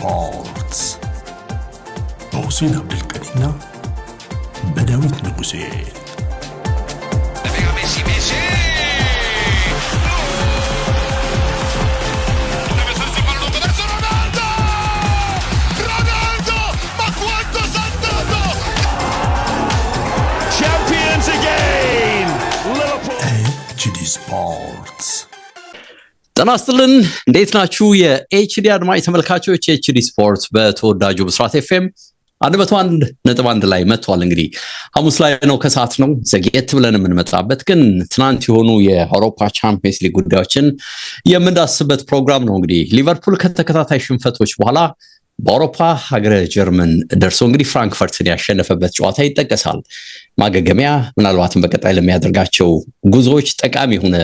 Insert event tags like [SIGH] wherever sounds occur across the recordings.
ፋልስ በሁሴን አብደልቀዲና በዳዊት ንጉሴ ጤና ይስጥልን እንዴት ናችሁ? የኤችዲ አድማጭ ተመልካቾች የኤችዲ ስፖርት በተወዳጁ ብስራት ኤፍኤም አንድ መቶ አንድ ነጥብ አንድ ላይ መጥቷል። እንግዲህ ሐሙስ ላይ ነው፣ ከሰዓት ነው ዘግየት ብለን የምንመጣበት ግን ትናንት የሆኑ የአውሮፓ ቻምፒየንስ ሊግ ጉዳዮችን የምንዳስበት ፕሮግራም ነው። እንግዲህ ሊቨርፑል ከተከታታይ ሽንፈቶች በኋላ በአውሮፓ ሀገረ ጀርመን ደርሶ እንግዲህ ፍራንክፈርትን ያሸነፈበት ጨዋታ ይጠቀሳል። ማገገሚያ ምናልባትም በቀጣይ ለሚያደርጋቸው ጉዞዎች ጠቃሚ የሆነ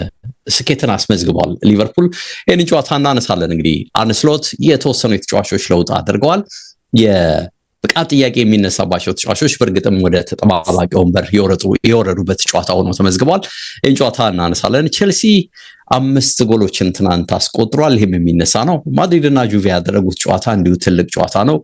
ስኬትን አስመዝግቧል። ሊቨርፑል ይህን ጨዋታ እናነሳለን። እንግዲህ አንስሎት የተወሰኑ የተጫዋቾች ለውጥ አድርገዋል። የብቃት ጥያቄ የሚነሳባቸው ተጫዋቾች በእርግጥም ወደ ተጠባባቂ ወንበር የወረዱበት ጨዋታ ሆኖ ተመዝግቧል። ይህን ጨዋታ እናነሳለን። ቼልሲ አምስት ጎሎችን ትናንት አስቆጥሯል። ይህም የሚነሳ ነው። ማድሪድና ጁቬ ያደረጉት ጨዋታ እንዲሁ ትልቅ ጨዋታ ነው።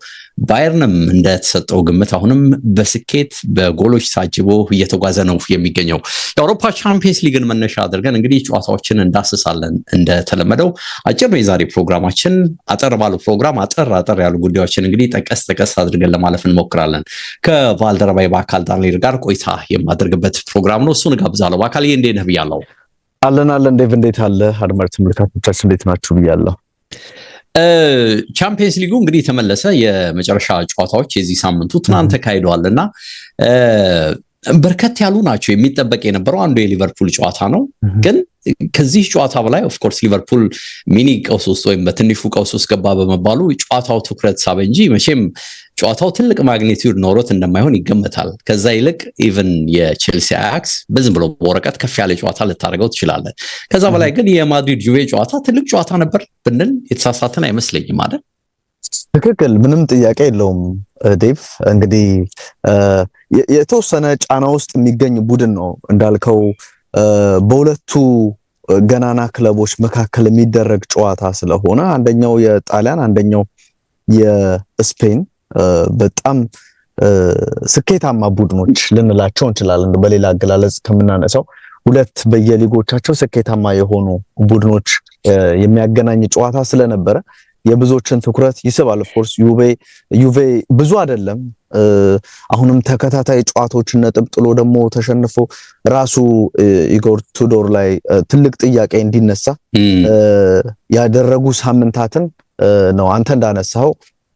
ባየርንም እንደተሰጠው ግምት አሁንም በስኬት በጎሎች ታጅቦ እየተጓዘ ነው የሚገኘው። የአውሮፓ ቻምፒየንስ ሊግን መነሻ አድርገን እንግዲህ ጨዋታዎችን እንዳስሳለን። እንደተለመደው አጭር ነው የዛሬ ፕሮግራማችን። አጠር ባሉ ፕሮግራም አጠር አጠር ያሉ ጉዳዮችን እንግዲህ ጠቀስ ጠቀስ አድርገን ለማለፍ እንሞክራለን። ከባልደረባዬ በአካል ዳንሌር ጋር ቆይታ የማደርግበት ፕሮግራም ነው። እሱን ጋብዛለሁ። በአካል ይህ እንዴ ነህ ብያለሁ። አለን አለን ዴቭ፣ እንዴት አለ? አድማጭ ተመልካቾቻችን እንዴት ናችሁ ብያለሁ። ቻምፒየንስ ሊጉ እንግዲህ የተመለሰ የመጨረሻ ጨዋታዎች የዚህ ሳምንቱ ትናንት ተካሂደዋል እና በርከት ያሉ ናቸው። የሚጠበቅ የነበረው አንዱ የሊቨርፑል ጨዋታ ነው። ግን ከዚህ ጨዋታ በላይ ኦፍኮርስ ሊቨርፑል ሚኒ ቀውስ ውስጥ ወይም በትንሹ ቀውስ ውስጥ ገባ በመባሉ ጨዋታው ትኩረት ሳበ እንጂ መቼም ጨዋታው ትልቅ ማግኒቲዩድ ኖሮት እንደማይሆን ይገመታል። ከዛ ይልቅ ኢቨን የቼልሲ አያክስ በዝም ብሎ በወረቀት ከፍ ያለ ጨዋታ ልታደርገው ትችላለን። ከዛ በላይ ግን የማድሪድ ጁቤ ጨዋታ ትልቅ ጨዋታ ነበር ብንል የተሳሳትን አይመስለኝም ማለት ትክክል፣ ምንም ጥያቄ የለውም። ዴቭ እንግዲህ የተወሰነ ጫና ውስጥ የሚገኝ ቡድን ነው እንዳልከው በሁለቱ ገናና ክለቦች መካከል የሚደረግ ጨዋታ ስለሆነ አንደኛው የጣሊያን አንደኛው የስፔን በጣም ስኬታማ ቡድኖች ልንላቸው እንችላለን። በሌላ አገላለጽ ከምናነሳው ሁለት በየሊጎቻቸው ስኬታማ የሆኑ ቡድኖች የሚያገናኝ ጨዋታ ስለነበረ የብዙዎችን ትኩረት ይስባል። ኦፍኮርስ ዩቬ ብዙ አይደለም። አሁንም ተከታታይ ጨዋታዎችን ነጥብ ጥሎ ደግሞ ተሸንፎ ራሱ ኢጎር ቱዶር ላይ ትልቅ ጥያቄ እንዲነሳ ያደረጉ ሳምንታትን ነው አንተ እንዳነሳው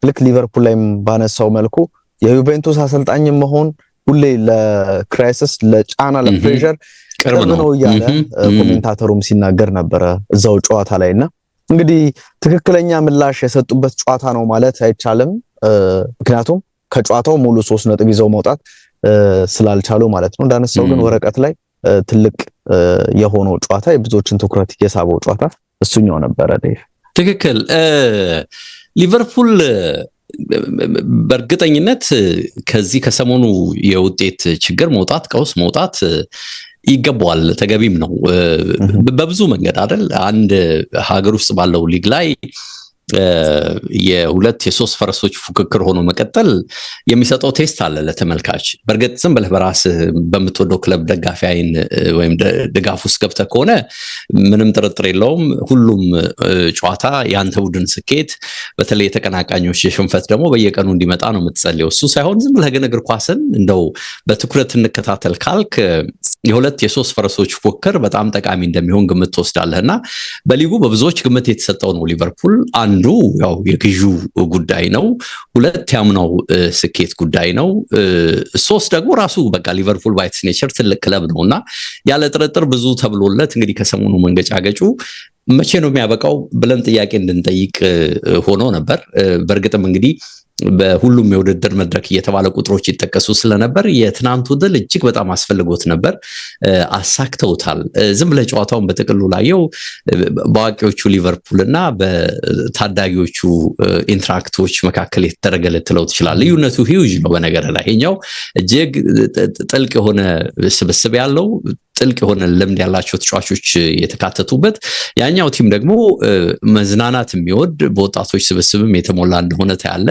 ልክ ሊቨርፑል ላይ ባነሳው መልኩ የዩቬንቱስ አሰልጣኝ መሆን ሁሌ ለክራይሲስ ለጫና ለፕሬዠር ቅርብ ነው እያለ ኮሜንታተሩም ሲናገር ነበረ እዛው ጨዋታ ላይ እና እንግዲህ ትክክለኛ ምላሽ የሰጡበት ጨዋታ ነው ማለት አይቻልም። ምክንያቱም ከጨዋታው ሙሉ ሶስት ነጥብ ይዘው መውጣት ስላልቻሉ ማለት ነው። እንዳነሳው ግን ወረቀት ላይ ትልቅ የሆነው ጨዋታ የብዙዎችን ትኩረት የሳበው ጨዋታ እሱኛው ነበረ። ትክክል ሊቨርፑል በእርግጠኝነት ከዚህ ከሰሞኑ የውጤት ችግር መውጣት ቀውስ መውጣት ይገባዋል፣ ተገቢም ነው። በብዙ መንገድ አይደል አንድ ሀገር ውስጥ ባለው ሊግ ላይ የሁለት የሶስት ፈረሶች ፉክክር ሆኖ መቀጠል የሚሰጠው ቴስት አለ ለተመልካች። በእርግጥ ዝም ብለህ በራስህ በምትወደው ክለብ ደጋፊ አይን ወይም ድጋፍ ውስጥ ገብተህ ከሆነ ምንም ጥርጥር የለውም ሁሉም ጨዋታ የአንተ ቡድን ስኬት፣ በተለይ የተቀናቃኞች የሽንፈት ደግሞ በየቀኑ እንዲመጣ ነው የምትጸልየው። እሱ ሳይሆን ዝም ብለህ ግን እግር ኳስን እንደው በትኩረት እንከታተል ካልክ የሁለት የሶስት ፈረሶች ፉክክር በጣም ጠቃሚ እንደሚሆን ግምት ትወስዳለህ እና በሊጉ በብዙዎች ግምት የተሰጠው ነው ሊቨርፑል አንዱ አንዱ ያው የግዢ ጉዳይ ነው። ሁለት ያምናው ስኬት ጉዳይ ነው። ሶስት ደግሞ ራሱ በቃ ሊቨርፑል ባይትስ ኔቸር ትልቅ ክለብ ነው እና ያለ ጥርጥር ብዙ ተብሎለት እንግዲህ ከሰሞኑ ገጩ መቼ ነው የሚያበቃው ብለን ጥያቄ እንድንጠይቅ ሆኖ ነበር። በእርግጥም እንግዲህ በሁሉም የውድድር መድረክ እየተባለ ቁጥሮች ይጠቀሱ ስለነበር የትናንቱ ድል እጅግ በጣም አስፈልጎት ነበር። አሳክተውታል። ዝም ብለህ ጨዋታውን በጥቅሉ ላየው በአዋቂዎቹ ሊቨርፑል እና በታዳጊዎቹ ኢንትራክቶች መካከል የተደረገ ልትለው ትችላል። ልዩነቱ ሂውጅ ነው። በነገር ላይ ይሄኛው እጅግ ጥልቅ የሆነ ስብስብ ያለው ጥልቅ የሆነ ልምድ ያላቸው ተጫዋቾች የተካተቱበት ያኛው ቲም ደግሞ መዝናናት የሚወድ በወጣቶች ስብስብም የተሞላ እንደሆነ ያለ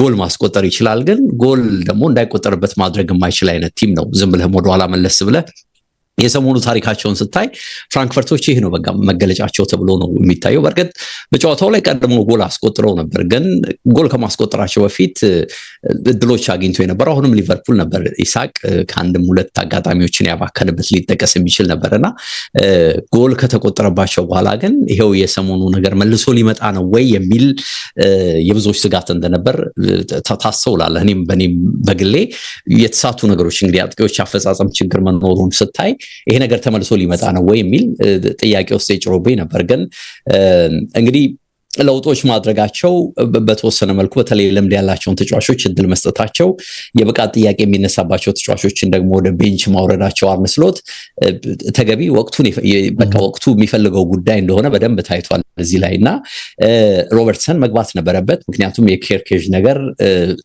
ጎል ማስቆጠር ይችላል፣ ግን ጎል ደግሞ እንዳይቆጠርበት ማድረግ የማይችል አይነት ቲም ነው። ዝም ብለህም ወደኋላ መለስ ብለህ የሰሞኑ ታሪካቸውን ስታይ ፍራንክፈርቶች ይህ ነው በቃ መገለጫቸው ተብሎ ነው የሚታየው። በእርግጥ በጨዋታው ላይ ቀድሞ ጎል አስቆጥረው ነበር፣ ግን ጎል ከማስቆጠራቸው በፊት እድሎች አግኝቶ የነበረው አሁንም ሊቨርፑል ነበር። ኢሳቅ ከአንድም ሁለት አጋጣሚዎችን ያባከንበት ሊጠቀስ የሚችል ነበር እና ጎል ከተቆጠረባቸው በኋላ ግን ይሄው የሰሞኑ ነገር መልሶ ሊመጣ ነው ወይ የሚል የብዙዎች ስጋት እንደነበር ታስተውላለህ። እኔም በእኔም በግሌ የተሳቱ ነገሮች እንግዲህ አጥቂዎች አፈጻጸም ችግር መኖሩን ስታይ ይሄ ነገር ተመልሶ ሊመጣ ነው ወይ የሚል ጥያቄ ውስጥ የጭሮብኝ ነበር። ግን እንግዲህ ለውጦች ማድረጋቸው በተወሰነ መልኩ በተለይ ልምድ ያላቸውን ተጫዋቾች እድል መስጠታቸው፣ የብቃት ጥያቄ የሚነሳባቸው ተጫዋቾችን ደግሞ ወደ ቤንች ማውረዳቸው አርነ ስሎት ተገቢ ወቅቱን በቃ ወቅቱ የሚፈልገው ጉዳይ እንደሆነ በደንብ ታይቷል እዚህ ላይ እና ሮበርትሰን መግባት ነበረበት። ምክንያቱም የኬርኬዥ ነገር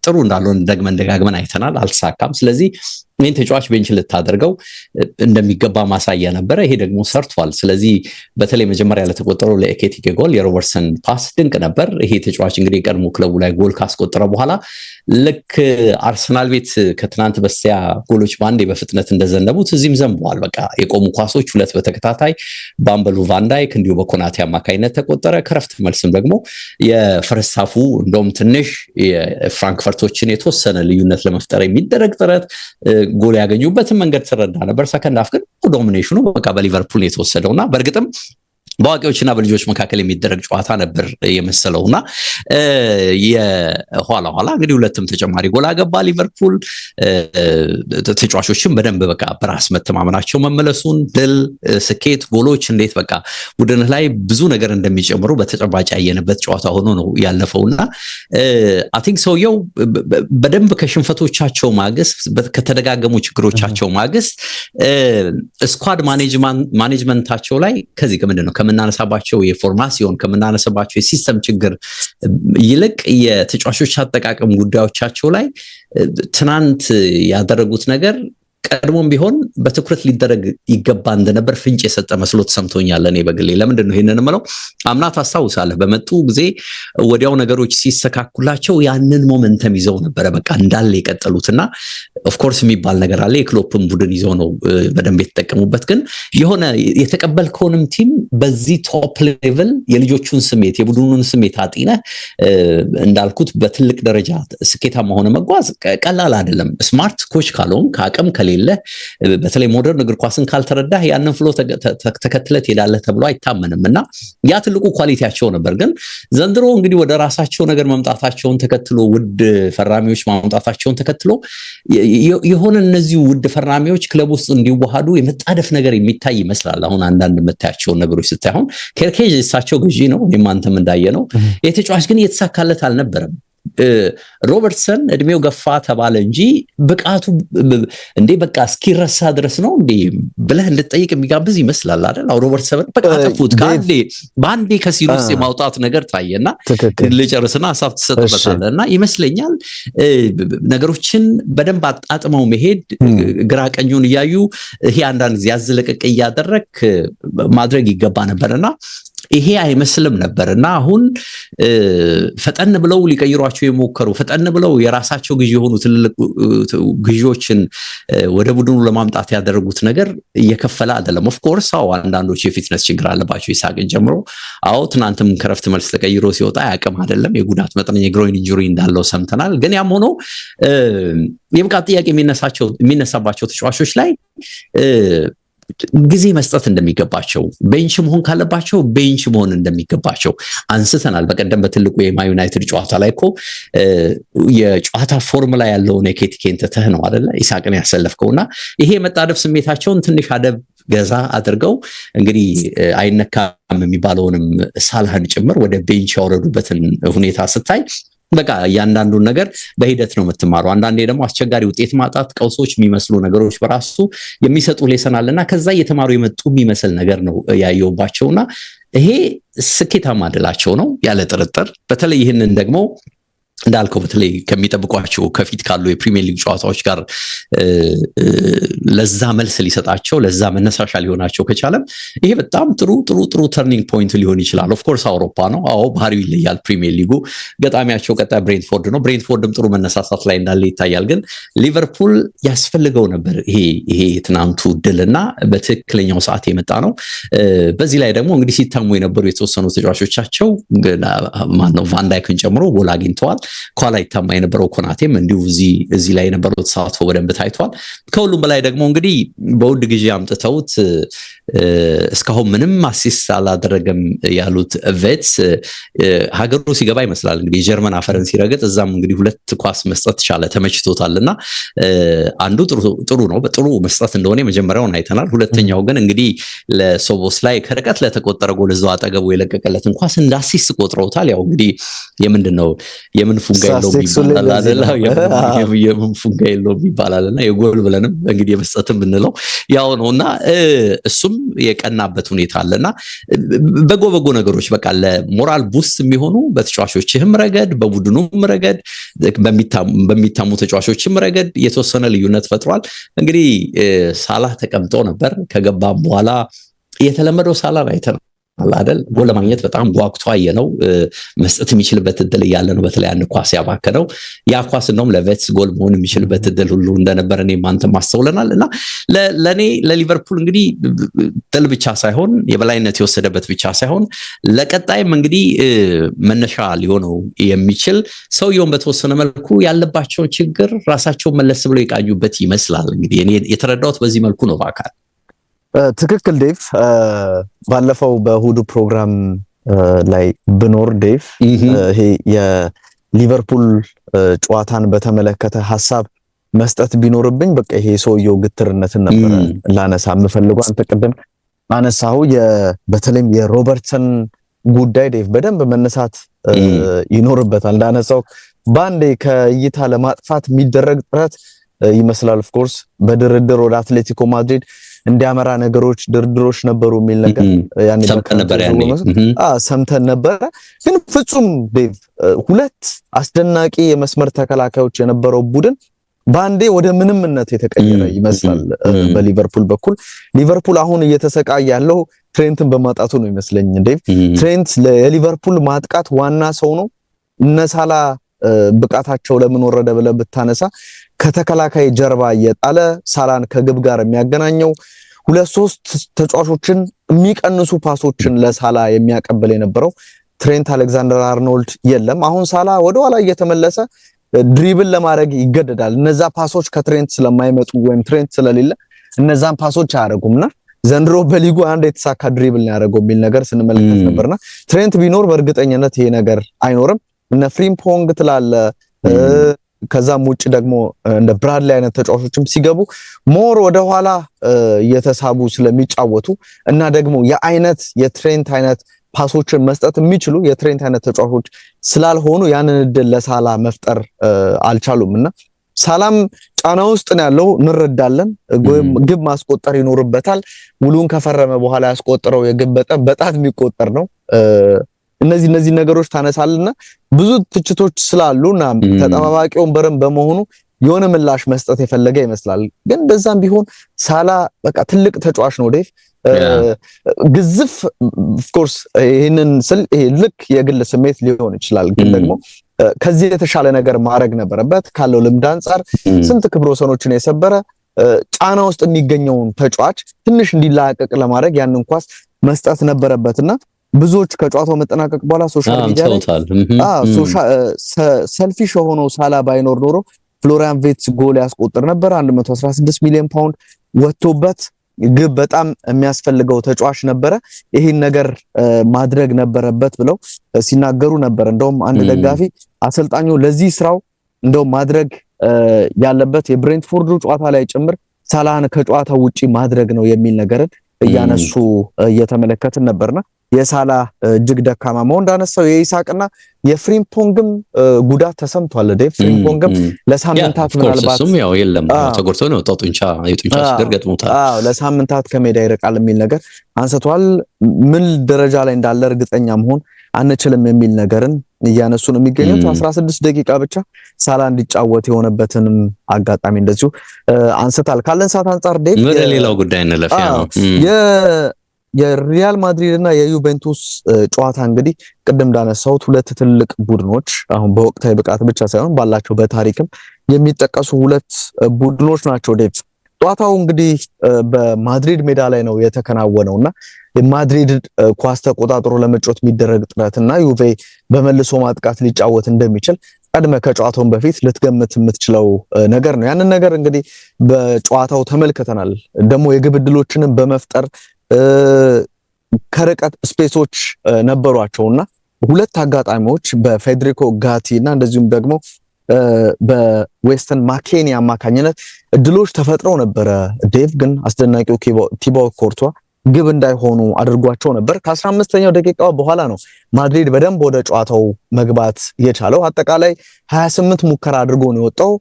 ጥሩ እንዳልሆን ደግመን ደጋግመን አይተናል፣ አልተሳካም። ስለዚህ ይህን ተጫዋች ቤንች ልታደርገው እንደሚገባ ማሳያ ነበረ። ይሄ ደግሞ ሰርቷል። ስለዚህ በተለይ መጀመሪያ ለተቆጠረው ለኤኬቲኬ ጎል የሮበርትሰን ፓስ ድንቅ ነበር። ይሄ ተጫዋች እንግዲህ የቀድሞ ክለቡ ላይ ጎል ካስቆጠረ በኋላ ልክ አርሰናል ቤት ከትናንት በስቲያ ጎሎች በአንዴ በፍጥነት እንደዘነቡት እዚህም ዘንበዋል። በቃ የቆሙ ኳሶች ሁለት በተከታታይ በአምበሉ ቫንዳይክ እንዲሁ በኮናቴ አማካኝነት ተቆጠረ። ከረፍት መልስም ደግሞ የፈረሳፉ እንደውም ትንሽ የፍራንክፈርቶችን የተወሰነ ልዩነት ለመፍጠር የሚደረግ ጥረት ጎል ያገኙበትን መንገድ ትረዳ ነበር። ሰከንድ አፍ ግን ዶሚኔሽኑ በቃ በሊቨርፑል የተወሰደውና በእርግጥም በአዋቂዎችና በልጆች መካከል የሚደረግ ጨዋታ ነበር የመሰለው እና የኋላ ኋላ እንግዲህ ሁለትም ተጨማሪ ጎል አገባ ሊቨርፑል። ተጫዋቾችም በደንብ በቃ በራስ መተማመናቸው መመለሱን ድል፣ ስኬት፣ ጎሎች እንዴት በቃ ቡድንህ ላይ ብዙ ነገር እንደሚጨምሩ በተጨባጭ ያየንበት ጨዋታ ሆኖ ነው ያለፈው እና አይ ሰውየው በደንብ ከሽንፈቶቻቸው ማግስት ከተደጋገሙ ችግሮቻቸው ማግስት ስኳድ ማኔጅመንታቸው ላይ ከዚህ ምንድን ነው ከምናነሳባቸው የፎርማሲዮን ከምናነሳባቸው የሲስተም ችግር ይልቅ የተጫዋቾች አጠቃቀም ጉዳዮቻቸው ላይ ትናንት ያደረጉት ነገር ቀድሞም ቢሆን በትኩረት ሊደረግ ይገባ እንደነበር ፍንጭ የሰጠ መስሎ ተሰምቶኛል። እኔ በግሌ ለምንድን ነው ይህንን ምለው? አምና ታስታውሳለህ፣ በመጡ ጊዜ ወዲያው ነገሮች ሲሰካኩላቸው ያንን ሞመንተም ይዘው ነበረ በቃ እንዳለ የቀጠሉት እና ኦፍኮርስ የሚባል ነገር አለ። የክሎፕን ቡድን ይዘው ነው በደንብ የተጠቀሙበት። ግን የሆነ የተቀበልከውንም ቲም በዚህ ቶፕ ሌቭል የልጆቹን ስሜት የቡድኑን ስሜት አጢነ እንዳልኩት በትልቅ ደረጃ ስኬታማ ሆነ መጓዝ ቀላል አይደለም። ስማርት ኮች ካልሆን ከአቅም ከሌለ በተለይ ሞደርን እግር ኳስን ካልተረዳህ ያንን ፍሎ ተከትለ ትሄዳለህ ተብሎ አይታመንም እና ያ ትልቁ ኳሊቲያቸው ነበር። ግን ዘንድሮ እንግዲህ ወደ ራሳቸው ነገር መምጣታቸውን ተከትሎ ውድ ፈራሚዎች ማምጣታቸውን ተከትሎ የሆነ እነዚህ ውድ ፈራሚዎች ክለብ ውስጥ እንዲዋሃዱ የመጣደፍ ነገር የሚታይ ይመስላል። አሁን አንዳንድ የምታያቸውን ነገሮች ስታይ አሁን ኬርኬዝ ገዢ ነው፣ እኔም አንተም እንዳየ ነው። የተጫዋች ግን እየተሳካለት አልነበረም። ሮበርትሰን እድሜው ገፋ ተባለ እንጂ ብቃቱ እንዴ በቃ እስኪረሳ ድረስ ነው እንዴ ብለህ እንድጠይቅ የሚጋብዝ ይመስላል አይደል? አሁ ሮበርትሰን በቃ ጠፉት በአንዴ ከሲን ውስጥ የማውጣት ነገር ታየና ልጨርስና ሀሳብ ትሰጥበታለ እና ይመስለኛል ነገሮችን በደንብ አጣጥመው መሄድ ግራ ቀኙን እያዩ ይሄ አንዳንድ ጊዜ ያዝለቀቅ እያደረግ ማድረግ ይገባ ነበር እና ይሄ አይመስልም ነበር እና አሁን ፈጠን ብለው ሊቀይሯቸው የሞከሩ ፈጠን ብለው የራሳቸው ግዢ የሆኑ ትልልቅ ግዢዎችን ወደ ቡድኑ ለማምጣት ያደረጉት ነገር እየከፈለ አይደለም። ኦፍኮርስ አዎ አንዳንዶች የፊትነስ ችግር አለባቸው ይሳቅን ጀምሮ። አዎ ትናንትም ከረፍት መልስ ተቀይሮ ሲወጣ ያቅም አይደለም የጉዳት መጠነኛ የግሮይን ኢንጁሪ እንዳለው ሰምተናል። ግን ያም ሆኖ የብቃት ጥያቄ የሚነሳባቸው ተጫዋቾች ላይ ጊዜ መስጠት እንደሚገባቸው፣ ቤንች መሆን ካለባቸው ቤንች መሆን እንደሚገባቸው አንስተናል። በቀደም በትልቁ የማ ዩናይትድ ጨዋታ ላይ እኮ የጨዋታ ፎርሙላ ያለውን የኬቲኬን ትተህ ነው አደለ ኢሳቅን ያሰለፍከውና ይሄ የመጣደብ ስሜታቸውን ትንሽ አደብ ገዛ አድርገው እንግዲህ አይነካም የሚባለውንም ሳልህን ጭምር ወደ ቤንች ያወረዱበትን ሁኔታ ስታይ በቃ እያንዳንዱን ነገር በሂደት ነው የምትማሩ። አንዳንዴ ደግሞ አስቸጋሪ ውጤት ማጣት፣ ቀውሶች የሚመስሉ ነገሮች በራሱ የሚሰጡ ሌሰናል እና ከዛ እየተማሩ የመጡ የሚመስል ነገር ነው ያየውባቸውና ይሄ ስኬታማ ድላቸው ነው ያለ ጥርጥር። በተለይ ይህንን ደግሞ እንዳልከው በተለይ ከሚጠብቋቸው ከፊት ካሉ የፕሪሚየር ሊግ ጨዋታዎች ጋር ለዛ መልስ ሊሰጣቸው ለዛ መነሳሻ ሊሆናቸው ከቻለም ይሄ በጣም ጥሩ ጥሩ ጥሩ ተርኒንግ ፖይንት ሊሆን ይችላል። ኦፍኮርስ አውሮፓ ነው። አዎ ባህሪው ይለያል። ፕሪሚየር ሊጉ ገጣሚያቸው ቀጣይ ብሬንትፎርድ ነው። ብሬንትፎርድም ጥሩ መነሳሳት ላይ እንዳለ ይታያል። ግን ሊቨርፑል ያስፈልገው ነበር ይሄ ትናንቱ ድል እና በትክክለኛው ሰዓት የመጣ ነው። በዚህ ላይ ደግሞ እንግዲህ ሲታሙ የነበሩ የተወሰኑ ተጫዋቾቻቸው ማነው ቫንዳይክን ጨምሮ ጎል አግኝተዋል። ኳላ ይታማ የነበረው ኮናቴም እንዲሁ እዚህ ላይ የነበረው ተሳትፎ በደንብ ታይቷል። ከሁሉም በላይ ደግሞ እንግዲህ በውድ ጊዜ አምጥተውት እስካሁን ምንም አሲስት አላደረገም ያሉት ቬትስ ሀገሩ ሲገባ ይመስላል እንግዲህ ጀርመን አፈርን ሲረግጥ እዛም እንግዲህ ሁለት ኳስ መስጠት ቻለ፣ ተመችቶታል እና አንዱ ጥሩ ነው በጥሩ መስጠት እንደሆነ የመጀመሪያውን አይተናል። ሁለተኛው ግን እንግዲህ ለሶቦስ ላይ ከርቀት ለተቆጠረ ጎል እዛው አጠገቡ የለቀቀለትን ኳስ እንደ አሲስት ቆጥረውታል። ያው እንግዲህ የምንድን ነው የምን ፉንጋ የለውም ይባላል የምን ፉንጋ የለውም ይባላል እና የጎል ብለንም እንግዲህ የመስጠት የምንለው ያው ነው እና እሱም የቀናበት ሁኔታ አለና በጎ በጎ ነገሮች በቃ ለሞራል ቡስ የሚሆኑ በተጫዋቾችህም ረገድ በቡድኑም ረገድ በሚታሙ ተጫዋቾችም ረገድ የተወሰነ ልዩነት ፈጥሯል። እንግዲህ ሳላህ ተቀምጦ ነበር ከገባም በኋላ የተለመደው ሳላ ሳላህ አይተነው አላደል ጎል ለማግኘት በጣም ጓጉቶ አየነው። መስጠት የሚችልበት እድል እያለ ነው በተለይ አንድ ኳስ ያባከነው ያ ኳስ እንደውም ለቬትስ ጎል መሆን የሚችልበት እድል ሁሉ እንደነበረ እኔ ማንተ አስተውለናል። እና ለእኔ ለሊቨርፑል እንግዲህ ድል ብቻ ሳይሆን የበላይነት የወሰደበት ብቻ ሳይሆን ለቀጣይም እንግዲህ መነሻ ሊሆነው የሚችል ሰውየውን በተወሰነ መልኩ ያለባቸውን ችግር ራሳቸውን መለስ ብለው የቃኙበት ይመስላል። እንግዲህ የተረዳሁት በዚህ መልኩ ነው በአካል ትክክል ዴቭ። ባለፈው በእሁዱ ፕሮግራም ላይ ብኖር ዴቭ ይሄ የሊቨርፑል ጨዋታን በተመለከተ ሀሳብ መስጠት ቢኖርብኝ በቃ ይሄ ሰውየው ግትርነትን ነበር ላነሳ የምፈልገው። አንተ ቅድም አነሳሁ። በተለይም የሮበርትሰን ጉዳይ ዴቭ በደንብ መነሳት ይኖርበታል። እንዳነሳው በአንዴ ከእይታ ለማጥፋት የሚደረግ ጥረት ይመስላል። ኦፍኮርስ በድርድር ወደ አትሌቲኮ ማድሪድ እንዲያመራ ነገሮች ድርድሮች ነበሩ የሚል ነገር ሰምተን ነበረ። ግን ፍጹም ዴቭ ሁለት አስደናቂ የመስመር ተከላካዮች የነበረው ቡድን በአንዴ ወደ ምንምነት የተቀየረ ይመስላል። በሊቨርፑል በኩል ሊቨርፑል አሁን እየተሰቃየ ያለው ትሬንትን በማጣቱ ነው ይመስለኝ ዴቭ። ትሬንት የሊቨርፑል ማጥቃት ዋና ሰው ነው። እነሳላ ብቃታቸው ለምን ወረደ ብለህ ብታነሳ ከተከላካይ ጀርባ እየጣለ ሳላን ከግብ ጋር የሚያገናኘው ሁለት ሶስት ተጫዋቾችን የሚቀንሱ ፓሶችን ለሳላ የሚያቀብል የነበረው ትሬንት አሌክዛንደር አርኖልድ የለም። አሁን ሳላ ወደኋላ እየተመለሰ ድሪብል ለማድረግ ይገደዳል። እነዛ ፓሶች ከትሬንት ስለማይመጡ ወይም ትሬንት ስለሌለ እነዛን ፓሶች አያደርጉም ዘንድሮ በሊጉ አንድ የተሳካ ድሪብል ነው ያደረገው የሚል ነገር ስንመለከት ነበርና ትሬንት ቢኖር በእርግጠኝነት ይሄ ነገር አይኖርም። እነ ፍሪምፖንግ ትላለ ከዛም ውጭ ደግሞ እንደ ብራድሊ አይነት ተጫዋቾችም ሲገቡ ሞር ወደኋላ እየተሳቡ ስለሚጫወቱ እና ደግሞ የአይነት የትሬንት አይነት ፓሶችን መስጠት የሚችሉ የትሬንት አይነት ተጫዋቾች ስላልሆኑ ያንን እድል ለሳላ መፍጠር አልቻሉም እና ሳላም ጫና ውስጥ ነው ያለው፣ እንረዳለን። ግብ ማስቆጠር ይኖርበታል። ውሉን ከፈረመ በኋላ ያስቆጠረው የግብ በጣት የሚቆጠር ነው። እነዚህ እነዚህ ነገሮች ታነሳልና ብዙ ትችቶች ስላሉ እና ተጠባባቂ ወንበርም በመሆኑ የሆነ ምላሽ መስጠት የፈለገ ይመስላል። ግን በዛም ቢሆን ሳላ በቃ ትልቅ ተጫዋች ነው ዴፍ ግዝፍ ኦፍኮርስ ይህንን ስል ይሄ ልክ የግል ስሜት ሊሆን ይችላል። ግን ደግሞ ከዚህ የተሻለ ነገር ማድረግ ነበረበት። ካለው ልምድ አንጻር ስንት ክብረ ወሰኖችን የሰበረ ጫና ውስጥ የሚገኘውን ተጫዋች ትንሽ እንዲላቀቅ ለማድረግ ያንን ኳስ መስጠት ነበረበትና ብዙዎች ከጨዋታው መጠናቀቅ በኋላ ሶሻል ሚዲያ ላይ ሰልፊሽ የሆነው ሳላ ባይኖር ኖሮ ፍሎሪያን ቬትስ ጎል ያስቆጥር ነበር። 116 ሚሊዮን ፓውንድ ወጥቶበት ግብ በጣም የሚያስፈልገው ተጫዋች ነበረ። ይህን ነገር ማድረግ ነበረበት ብለው ሲናገሩ ነበር። እንደውም አንድ ደጋፊ አሰልጣኙ ለዚህ ስራው እንደውም ማድረግ ያለበት የብሬንትፎርዱ ጨዋታ ላይ ጭምር ሳላህን ከጨዋታው ውጪ ማድረግ ነው የሚል ነገርን እያነሱ እየተመለከትን ነበርና የሳላ እጅግ ደካማ መሆን እንዳነሳው የኢሳቅና የፍሪምፖንግም ጉዳት ተሰምቷል። ፍሪምፖንግም ለሳምንታት ምናልባት ያው የለም ተጎድቶ ነው ጡንቻ የጡንቻ ችግር ገጥሞታል። ለሳምንታት ከሜዳ ይርቃል የሚል ነገር አንስተዋል። ምን ደረጃ ላይ እንዳለ እርግጠኛ መሆን አንችልም የሚል ነገርን እያነሱ ነው የሚገኙት። 16 ደቂቃ ብቻ ሳላ እንዲጫወት የሆነበትንም አጋጣሚ እንደዚሁ አንስታል። ካለን ሰዓት አንጻር ወደ ሌላው ጉዳይ እንለፍ ነው የሪያል ማድሪድ እና የዩቬንቱስ ጨዋታ እንግዲህ ቅድም እንዳነሳሁት ሁለት ትልቅ ቡድኖች አሁን በወቅታዊ ብቃት ብቻ ሳይሆን ባላቸው በታሪክም የሚጠቀሱ ሁለት ቡድኖች ናቸው። ዴት ጨዋታው እንግዲህ በማድሪድ ሜዳ ላይ ነው የተከናወነው እና የማድሪድ ኳስ ተቆጣጥሮ ለመጫወት የሚደረግ ጥረት እና ዩቬ በመልሶ ማጥቃት ሊጫወት እንደሚችል ቀድመ ከጨዋታውን በፊት ልትገምት የምትችለው ነገር ነው። ያንን ነገር እንግዲህ በጨዋታው ተመልክተናል። ደግሞ የግብ ዕድሎችንም በመፍጠር ከርቀት ስፔሶች ነበሯቸውና ሁለት አጋጣሚዎች በፌዴሪኮ ጋቲ እና እንደዚሁም ደግሞ በዌስተን ማኬኒ አማካኝነት እድሎች ተፈጥረው ነበረ። ዴቭ ግን አስደናቂው ቲባው ኮርቷ ግብ እንዳይሆኑ አድርጓቸው ነበር። ከ 15 አምስተኛው ደቂቃ በኋላ ነው ማድሪድ በደንብ ወደ ጨዋታው መግባት የቻለው። አጠቃላይ ሀያ ስምንት ሙከራ አድርጎ ነው የወጣው።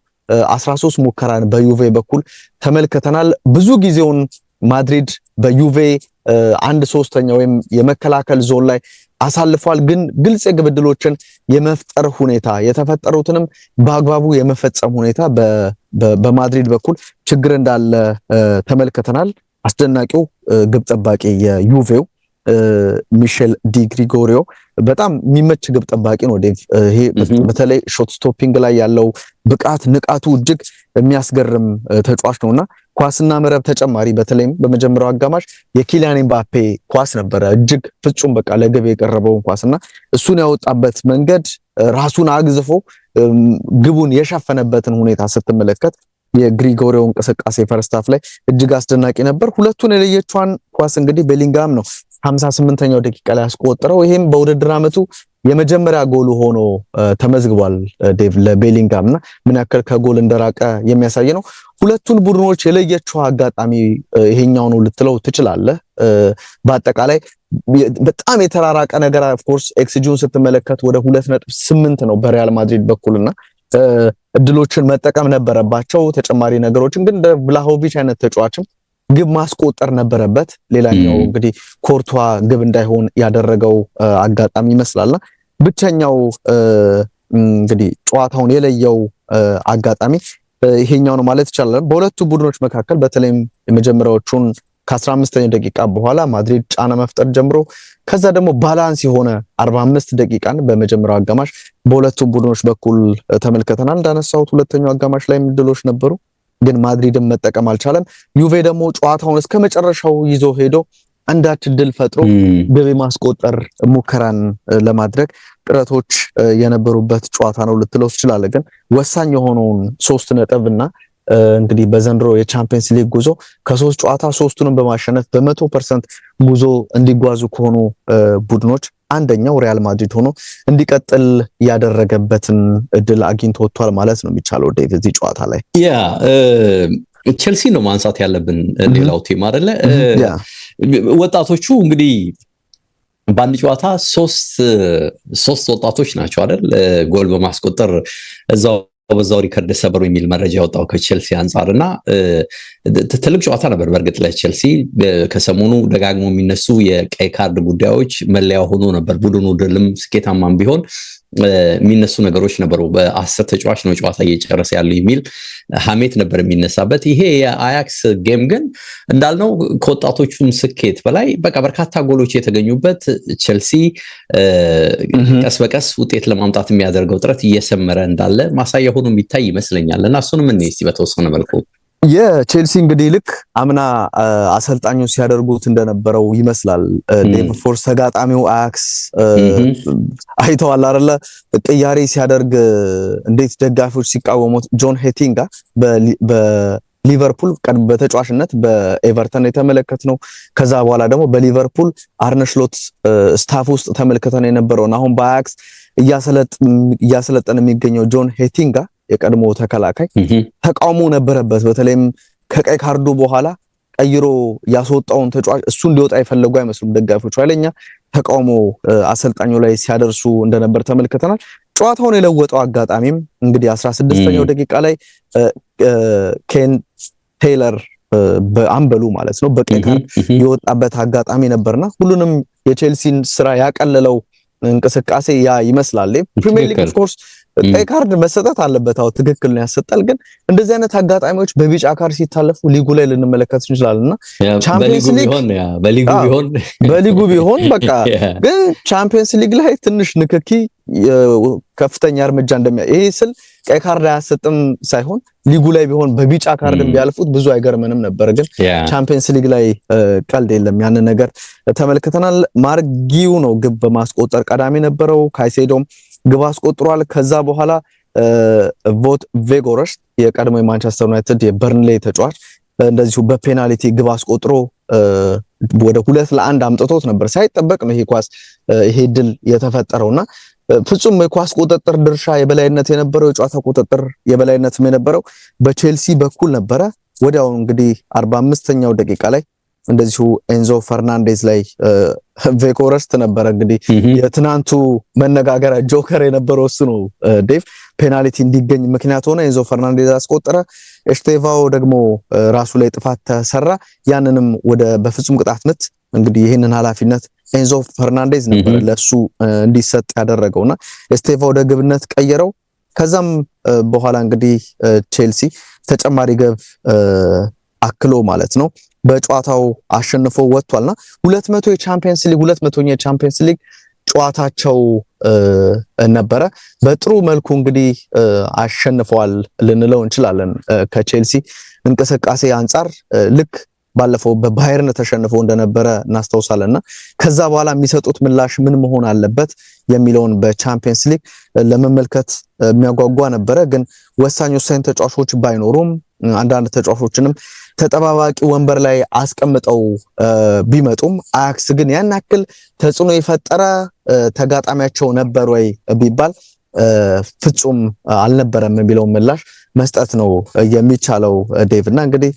አስራ ሶስት ሙከራን በዩቬ በኩል ተመልክተናል። ብዙ ጊዜውን ማድሪድ በዩቬ አንድ ሶስተኛ ወይም የመከላከል ዞን ላይ አሳልፏል። ግን ግልጽ የግብ ዕድሎችን የመፍጠር ሁኔታ የተፈጠሩትንም በአግባቡ የመፈጸም ሁኔታ በማድሪድ በኩል ችግር እንዳለ ተመልክተናል። አስደናቂው ግብ ጠባቂ የዩቬው ሚሼል ዲ ግሪጎሪዮ በጣም የሚመች ግብ ጠባቂ ነው። ዴቭ ይሄ በተለይ ሾት ስቶፒንግ ላይ ያለው ብቃት፣ ንቃቱ እጅግ የሚያስገርም ተጫዋች ነው እና ኳስና መረብ ተጨማሪ በተለይም በመጀመሪያው አጋማሽ የኪሊያን ኤምባፔ ኳስ ነበረ እጅግ ፍጹም በቃ ለግብ የቀረበውን ኳስና እሱን ያወጣበት መንገድ ራሱን አግዝፎ ግቡን የሸፈነበትን ሁኔታ ስትመለከት የግሪጎሪዮ እንቅስቃሴ ፈርስታፍ ላይ እጅግ አስደናቂ ነበር። ሁለቱን የለየቿን ኳስ እንግዲህ ቤሊንጋም ነው 58ኛው ደቂቃ ላይ ያስቆጠረው። ይሄም በውድድር ዓመቱ የመጀመሪያ ጎሉ ሆኖ ተመዝግቧል። ዴቭ ለቤሊንጋም እና ምን ያክል ከጎል እንደራቀ የሚያሳይ ነው። ሁለቱን ቡድኖች የለየችው አጋጣሚ ይሄኛው ነው ልትለው ትችላለህ። በአጠቃላይ በጣም የተራራቀ ነገር ኦፍኮርስ ኤክስጂውን ስትመለከት ወደ ሁለት ነጥብ ስምንት ነው በሪያል ማድሪድ በኩልና እድሎችን መጠቀም ነበረባቸው። ተጨማሪ ነገሮችን ግን እንደ ብላሆቪች አይነት ተጫዋችም ግብ ማስቆጠር ነበረበት። ሌላኛው እንግዲህ ኮርቷ ግብ እንዳይሆን ያደረገው አጋጣሚ ይመስላልና ብቸኛው እንግዲህ ጨዋታውን የለየው አጋጣሚ ይሄኛው ነው ማለት ይቻላል። በሁለቱ ቡድኖች መካከል በተለይም የመጀመሪያዎቹን ከ 15 ኛው ደቂቃ በኋላ ማድሪድ ጫና መፍጠር ጀምሮ ከዛ ደግሞ ባላንስ የሆነ 45 ደቂቃን በመጀመሪያው አጋማሽ በሁለቱም ቡድኖች በኩል ተመልከተናል። እንዳነሳሁት ሁለተኛው አጋማሽ ላይ ምድሎች ነበሩ። ግን ማድሪድን መጠቀም አልቻለም። ዩቬ ደግሞ ጨዋታውን እስከ መጨረሻው ይዞ ሄዶ አንዳች ድል ፈጥሮ ግብ ማስቆጠር ሙከራን ለማድረግ ጥረቶች የነበሩበት ጨዋታ ነው ልትለው ትችላለህ። ግን ወሳኝ የሆነውን ሶስት ነጥብ እና እንግዲህ በዘንድሮ የቻምፒየንስ ሊግ ጉዞ ከሶስት ጨዋታ ሶስቱንም በማሸነፍ በመቶ ፐርሰንት ጉዞ እንዲጓዙ ከሆኑ ቡድኖች አንደኛው ሪያል ማድሪድ ሆኖ እንዲቀጥል ያደረገበትን እድል አግኝቶ ወጥቷል ማለት ነው የሚቻለው ዴቭ እዚህ ጨዋታ ላይ ያ ቼልሲ ነው ማንሳት ያለብን ሌላው ቲም አይደለ ወጣቶቹ እንግዲህ በአንድ ጨዋታ ሶስት ወጣቶች ናቸው አይደል ጎል በማስቆጠር እዛው በዛው ሪከርድ ሰበሩ የሚል መረጃ የወጣው ከቼልሲ አንጻር እና ትልቅ ጨዋታ ነበር። በእርግጥ ለቼልሲ ከሰሞኑ ደጋግሞ የሚነሱ የቀይ ካርድ ጉዳዮች መለያ ሆኖ ነበር። ቡድኑ ድልም ስኬታማም ቢሆን የሚነሱ ነገሮች ነበሩ። በአስር ተጫዋች ነው ጨዋታ እየጨረሰ ያለ የሚል ሀሜት ነበር የሚነሳበት። ይሄ የአያክስ ጌም ግን እንዳልነው ከወጣቶቹም ስኬት በላይ በቃ በርካታ ጎሎች የተገኙበት ቼልሲ ቀስ በቀስ ውጤት ለማምጣት የሚያደርገው ጥረት እየሰመረ እንዳለ ማሳያ ሆኖ የሚታይ ይመስለኛል እና እሱንም እንስቲ በተወሰነ መልኩ የቼልሲ እንግዲህ ልክ አምና አሰልጣኙ ሲያደርጉት እንደነበረው ይመስላል። ዴምፎርስ ተጋጣሚው አያክስ አይተዋል አይደለ? ቅያሬ ሲያደርግ እንዴት ደጋፊዎች ሲቃወሙት። ጆን ሄቲንጋ በሊቨርፑል ቀድ በተጫዋችነት በኤቨርተን የተመለከት ነው። ከዛ በኋላ ደግሞ በሊቨርፑል አርነሽሎት ስታፍ ውስጥ ተመልክተን የነበረውን አሁን በአያክስ እያሰለጠን የሚገኘው ጆን ሄቲንጋ የቀድሞ ተከላካይ ተቃውሞ ነበረበት። በተለይም ከቀይ ካርዱ በኋላ ቀይሮ ያስወጣውን ተጫዋች እሱ እንዲወጣ የፈለጉ አይመስሉም ደጋፊዎች። ኃይለኛ ተቃውሞ አሰልጣኙ ላይ ሲያደርሱ እንደነበር ተመልክተናል። ጨዋታውን የለወጠው አጋጣሚም እንግዲህ አስራ ስድስተኛው ደቂቃ ላይ ኬን ቴይለር በአምበሉ ማለት ነው በቀይ ካርድ የወጣበት አጋጣሚ ነበርና ሁሉንም የቼልሲን ስራ ያቀለለው እንቅስቃሴ ያ ይመስላል። ፕሪሚየር ሊግ ኦፍ ኮርስ ቀይ ካርድ መሰጠት አለበት። አዎ ትክክል ነው፣ ያሰጣል። ግን እንደዚህ አይነት አጋጣሚዎች በቢጫ ካርድ ሲታለፉ ሊጉ ላይ ልንመለከት እንችላለን እና ቻምፒየንስ ሊግ በሊጉ ቢሆን በቃ [LAUGHS] ግን ቻምፒየንስ ሊግ ላይ ትንሽ ንክኪ ከፍተኛ እርምጃ እንደሚያ ይሄ ስል ቀይ ካርድ አያሰጥም ሳይሆን ሊጉ ላይ ቢሆን በቢጫ ካርድ ቢያልፉት ብዙ አይገርመንም ነበር። ግን ቻምፒየንስ ሊግ ላይ ቀልድ የለም። ያንን ነገር ተመልክተናል። ማርጊው ነው ግብ በማስቆጠር ቀዳሚ ነበረው። ካይሴዶም ግብ አስቆጥሯል። ከዛ በኋላ ቮት ቬጎረስ የቀድሞ የማንቸስተር ዩናይትድ የበርንሌ ተጫዋች እንደዚሁ በፔናልቲ ግብ አስቆጥሮ ወደ ሁለት ለአንድ አምጥቶት ነበር። ሳይጠበቅ ነው ይሄ ኳስ ይሄ ድል እና ፍጹም የኳስ ቁጥጥር ድርሻ የበላይነት የነበረው የጨዋታ ቁጥጥር የበላይነትም የነበረው በቼልሲ በኩል ነበረ። ወዲያው እንግዲህ አርባ አምስተኛው ደቂቃ ላይ እንደዚሁ ኤንዞ ፈርናንዴዝ ላይ ቬኮረስት ነበረ እንግዲህ የትናንቱ መነጋገሪያ ጆከር የነበረው እሱ ነው። ዴቭ ፔናልቲ እንዲገኝ ምክንያት ሆነ። ኤንዞ ፈርናንዴዝ አስቆጠረ። ኤስቴቫኦ ደግሞ ራሱ ላይ ጥፋት ተሰራ። ያንንም ወደ በፍጹም ቅጣት ምት እንግዲህ ይህንን ኃላፊነት ኤንዞ ፈርናንዴዝ ነበር ለሱ እንዲሰጥ እና ኤስቴቫ ወደ ግብነት ቀየረው። ከዛም በኋላ እንግዲህ ቼልሲ ተጨማሪ ግብ አክሎ ማለት ነው በጨዋታው አሸንፎ ወጥቷልና 200 የቻምፒየንስ ሊግ 200 የቻምፒየንስ ሊግ ጨዋታቸው ነበረ። በጥሩ መልኩ እንግዲህ አሸንፈዋል ልንለው እንችላለን። ከቼልሲ እንቅስቃሴ አንጻር ልክ ባለፈው በባየርን ተሸንፎ እንደነበረ እናስታውሳለንና ከዛ በኋላ የሚሰጡት ምላሽ ምን መሆን አለበት የሚለውን በቻምፒየንስ ሊግ ለመመልከት የሚያጓጓ ነበረ። ግን ወሳኝ ወሳኝ ተጫዋቾች ባይኖሩም አንዳንድ ተጫዋቾችንም ተጠባባቂ ወንበር ላይ አስቀምጠው ቢመጡም አያክስ ግን ያን ያክል ተጽዕኖ የፈጠረ ተጋጣሚያቸው ነበር ወይ ቢባል ፍጹም አልነበረም የሚለው ምላሽ መስጠት ነው የሚቻለው። ዴቭ እና እንግዲህ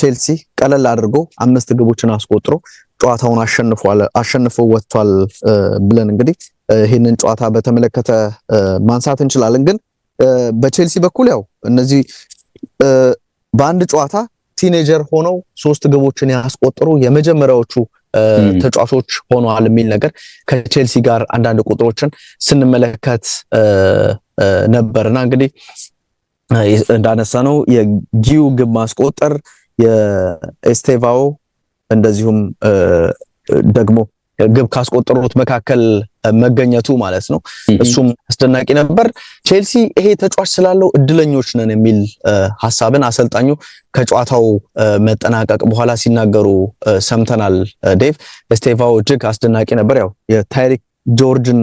ቼልሲ ቀለል አድርጎ አምስት ግቦችን አስቆጥሮ ጨዋታውን አሸንፎ ወጥቷል ብለን እንግዲህ ይህንን ጨዋታ በተመለከተ ማንሳት እንችላለን። ግን በቼልሲ በኩል ያው እነዚህ በአንድ ጨዋታ ቲኔጀር ሆነው ሶስት ግቦችን ያስቆጠሩ የመጀመሪያዎቹ ተጫዋቾች ሆነዋል የሚል ነገር ከቼልሲ ጋር አንዳንድ ቁጥሮችን ስንመለከት ነበርና እንግዲህ እንዳነሳ ነው የጊዩ ግብ ማስቆጠር የኤስቴቫኦ እንደዚሁም ደግሞ ግብ ካስቆጠሩት መካከል መገኘቱ ማለት ነው። እሱም አስደናቂ ነበር። ቼልሲ ይሄ ተጫዋች ስላለው እድለኞች ነን የሚል ሀሳብን አሰልጣኙ ከጨዋታው መጠናቀቅ በኋላ ሲናገሩ ሰምተናል። ዴቭ ስቴቫው እጅግ አስደናቂ ነበር። ያው የታይሪክ ጆርጅን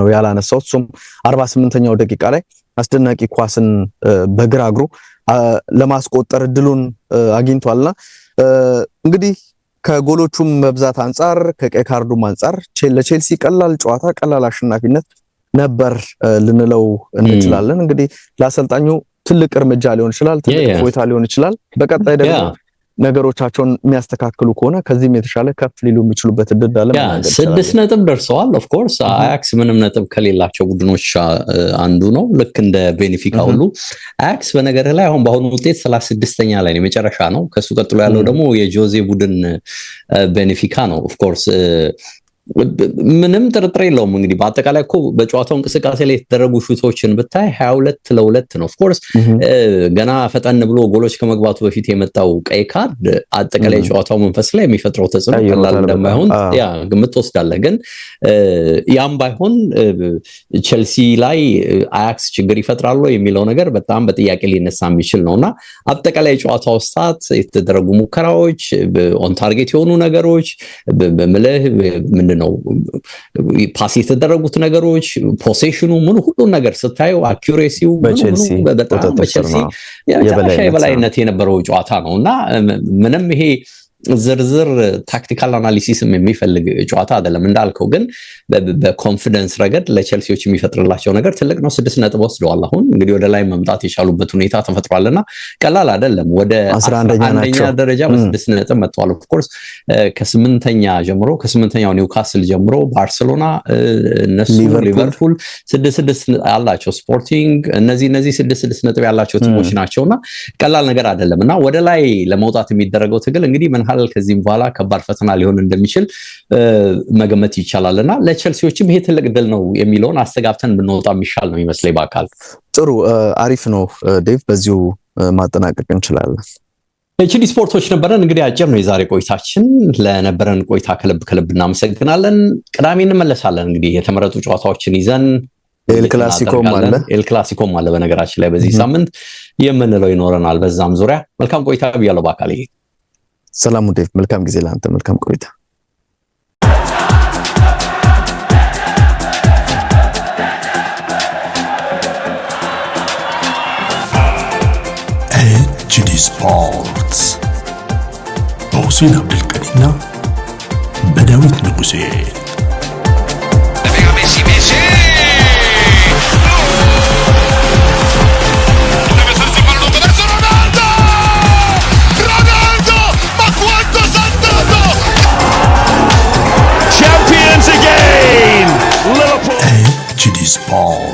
ነው ያላነሳው እሱም አርባ ስምንተኛው ደቂቃ ላይ አስደናቂ ኳስን በግራ እግሩ ለማስቆጠር እድሉን አግኝቷልና እንግዲህ ከጎሎቹም መብዛት አንጻር ከቀይ ካርዱም አንጻር ለቼልሲ ቀላል ጨዋታ ቀላል አሸናፊነት ነበር ልንለው እንችላለን። እንግዲህ ለአሰልጣኙ ትልቅ እርምጃ ሊሆን ይችላል፣ ትልቅ ቦታ ሊሆን ይችላል። በቀጣይ ደግሞ ነገሮቻቸውን የሚያስተካክሉ ከሆነ ከዚህም የተሻለ ከፍ ሊሉ የሚችሉበት እድል አለ። ስድስት ነጥብ ደርሰዋል። ኦፍኮርስ አያክስ ምንም ነጥብ ከሌላቸው ቡድኖች አንዱ ነው፣ ልክ እንደ ቤኔፊካ ሁሉ አያክስ በነገር ላይ አሁን በአሁኑ ውጤት ሰላሳ ስድስተኛ ላይ የመጨረሻ ነው። ከሱ ቀጥሎ ያለው ደግሞ የጆዜ ቡድን ቤኔፊካ ነው። ኦፍኮርስ ምንም ጥርጥር የለውም። እንግዲህ በአጠቃላይ እኮ በጨዋታው እንቅስቃሴ ላይ የተደረጉ ሹቶችን ብታይ ሀያ ሁለት ለሁለት ነው። ኦፍኮርስ ገና ፈጠን ብሎ ጎሎች ከመግባቱ በፊት የመጣው ቀይ ካርድ አጠቃላይ ጨዋታው መንፈስ ላይ የሚፈጥረው ተጽዕኖ ቀላል እንደማይሆን ያ ግምት ትወስዳለህ። ግን ያም ባይሆን ቼልሲ ላይ አያክስ ችግር ይፈጥራሉ የሚለው ነገር በጣም በጥያቄ ሊነሳ የሚችል ነው እና አጠቃላይ ጨዋታው ስታት የተደረጉ ሙከራዎች፣ ኦንታርጌት የሆኑ ነገሮች ምን ምንድን ነው ፓስ የተደረጉት ነገሮች ፖሴሽኑ ምን ሁሉን ነገር ስታየው አኪሬሲው በጣም በቼልሲ የበላይነት የነበረው ጨዋታ ነው እና ምንም ይሄ ዝርዝር ታክቲካል አናሊሲስም የሚፈልግ ጨዋታ አይደለም። እንዳልከው ግን በኮንፊደንስ ረገድ ለቸልሲዎች የሚፈጥርላቸው ነገር ትልቅ ነው። ስድስት ነጥብ ወስደዋል። አሁን እንግዲህ ወደ ላይ መምጣት የቻሉበት ሁኔታ ተፈጥሯልና ቀላል አይደለም። ወደ አንደኛ ደረጃ በስድስት ነጥብ መጥተዋል። ኦፍኮርስ ከስምንተኛ ጀምሮ ከስምንተኛው ኒውካስል ጀምሮ ባርሴሎና፣ እነሱ ሊቨርፑል ስድስት ስድስት አላቸው። ስፖርቲንግ፣ እነዚህ እነዚህ ስድስት ስድስት ነጥብ ያላቸው ቲሞች እና ቀላል ነገር አይደለም እና ወደ ላይ ለመውጣት የሚደረገው ትግል እንግዲህ ምን አርሰናል ከዚህም በኋላ ከባድ ፈተና ሊሆን እንደሚችል መገመት ይቻላል እና ለቸልሲዎችም ይሄ ትልቅ ድል ነው የሚለውን አስተጋብተን ብንወጣ የሚሻል ነው ይመስለኝ። በአካል ጥሩ አሪፍ ነው ዴቭ፣ በዚሁ ማጠናቀቅ እንችላለን። ኤችዲ ስፖርቶች ነበረን። እንግዲህ አጭር ነው የዛሬ ቆይታችን። ለነበረን ቆይታ ከልብ ከልብ እናመሰግናለን። ቅዳሜ እንመለሳለን። እንግዲህ የተመረጡ ጨዋታዎችን ይዘን ኤልክላሲኮም አለ ኤልክላሲኮም አለ በነገራችን ላይ በዚህ ሳምንት የምንለው ይኖረናል። በዛም ዙሪያ መልካም ቆይታ ብያለሁ በአካል ሰላም ውዴት፣ መልካም ጊዜ ለአንተ፣ መልካም ቆይታ። ኤችዲ ስፖርት በሁሴን አብዱልቀኒና በዳዊት ንጉሴ Hall.